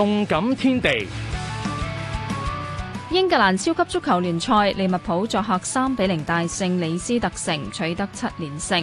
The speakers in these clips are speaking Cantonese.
動感天地，英格蘭超級足球聯賽，利物浦作客三比零大勝李斯特城，取得七連勝。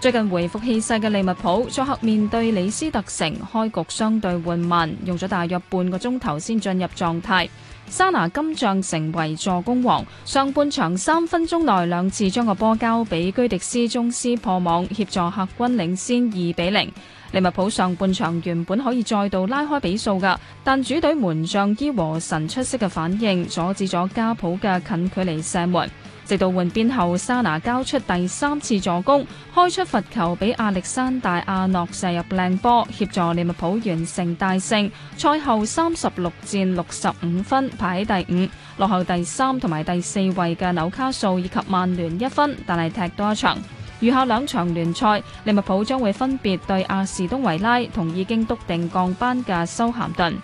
最近回復氣勢嘅利物浦作客面對李斯特城，開局相對緩慢，用咗大約半個鐘頭先進入狀態。沙拿今場成為助攻王，上半場三分鐘內兩次將個波交俾居迪斯鍾斯破網，協助客軍領先二比零。利物浦上半場原本可以再度拉開比數嘅，但主隊門將伊和神出色嘅反應阻止咗加普嘅近距離射門。直到換邊後，沙拿交出第三次助攻，開出罰球俾阿歷山大亞諾射入靚波，協助利物浦完成大勝。賽後三十六戰六十五分，排喺第五，落後第三同埋第四位嘅紐卡素以及曼聯一分，但係踢多一場。餘下兩場聯賽，利物浦將會分別對阿士東維拉同已經篤定降班嘅修咸頓。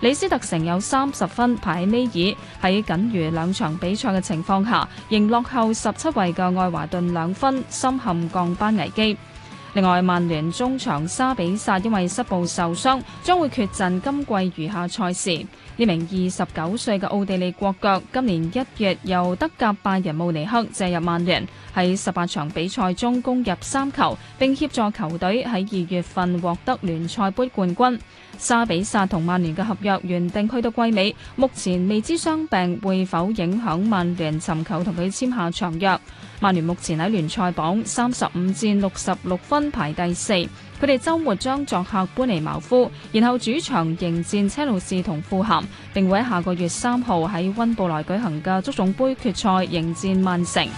李斯特城有三十分排喺尾二，喺僅餘兩場比賽嘅情況下，仍落後十七位嘅愛華頓兩分，深陷降班危機。另外，曼聯中場沙比薩因為膝部受傷，將會缺陣今季餘下賽事。呢名29歲嘅奧地利國腳，今年一月由德甲拜仁慕尼黑借入曼聯，喺18場比賽中攻入三球，並協助球隊喺二月份獲得聯賽盃冠軍。沙比薩同曼聯嘅合約原定去到季尾，目前未知傷病會否影響曼聯尋求同佢簽下長約。曼聯目前喺聯賽榜三十五戰六十六分排第四，佢哋週末將作客搬尼茅夫，然後主場迎戰車路士同富咸，並會喺下個月三號喺溫布萊舉行嘅足總杯決賽迎戰曼城。